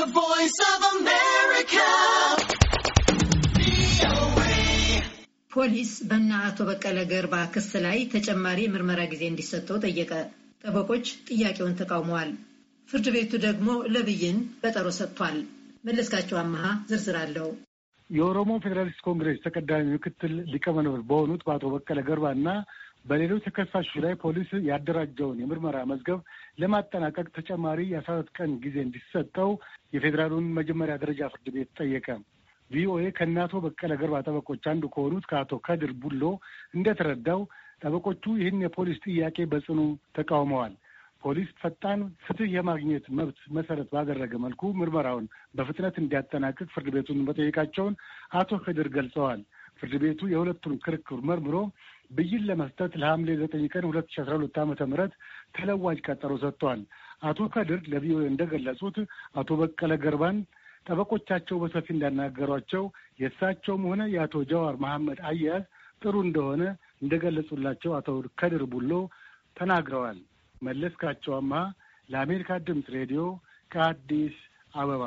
The Voice of America. ፖሊስ በእነ አቶ በቀለ ገርባ ክስ ላይ ተጨማሪ የምርመራ ጊዜ እንዲሰጠው ጠየቀ። ጠበቆች ጥያቄውን ተቃውመዋል። ፍርድ ቤቱ ደግሞ ለብይን በጠሮ ሰጥቷል። መለስካቸው አመሃ ዝርዝር አለው። የኦሮሞ ፌዴራሊስት ኮንግሬስ ተቀዳሚ ምክትል ሊቀመንበር በሆኑት በአቶ በቀለ ገርባ እና በሌሎች ተከሳሾች ላይ ፖሊስ ያደራጀውን የምርመራ መዝገብ ለማጠናቀቅ ተጨማሪ የአስራ አራት ቀን ጊዜ እንዲሰጠው የፌዴራሉን መጀመሪያ ደረጃ ፍርድ ቤት ጠየቀ። ቪኦኤ ከእናቶ በቀለ ገርባ ጠበቆች አንዱ ከሆኑት ከአቶ ከድር ቡሎ እንደተረዳው ጠበቆቹ ይህን የፖሊስ ጥያቄ በጽኑ ተቃውመዋል። ፖሊስ ፈጣን ፍትህ የማግኘት መብት መሰረት ባደረገ መልኩ ምርመራውን በፍጥነት እንዲያጠናቅቅ ፍርድ ቤቱን መጠየቃቸውን አቶ ከድር ገልጸዋል። ፍርድ ቤቱ የሁለቱን ክርክር መርምሮ ብይን ለመስጠት ለሐምሌ ዘጠኝ ቀን ሁለት ሺ አስራ ሁለት ዓመተ ምህረት ተለዋጭ ቀጠሮ ሰጥቷል። አቶ ከድር ለቪኦኤ እንደገለጹት አቶ በቀለ ገርባን ጠበቆቻቸው በሰፊ እንዳናገሯቸው የእሳቸውም ሆነ የአቶ ጀዋር መሐመድ አያያዝ ጥሩ እንደሆነ እንደገለጹላቸው አቶ ከድር ቡሎ ተናግረዋል። መለስካቸው ለአሜሪካ ድምፅ ሬዲዮ ከአዲስ አበባ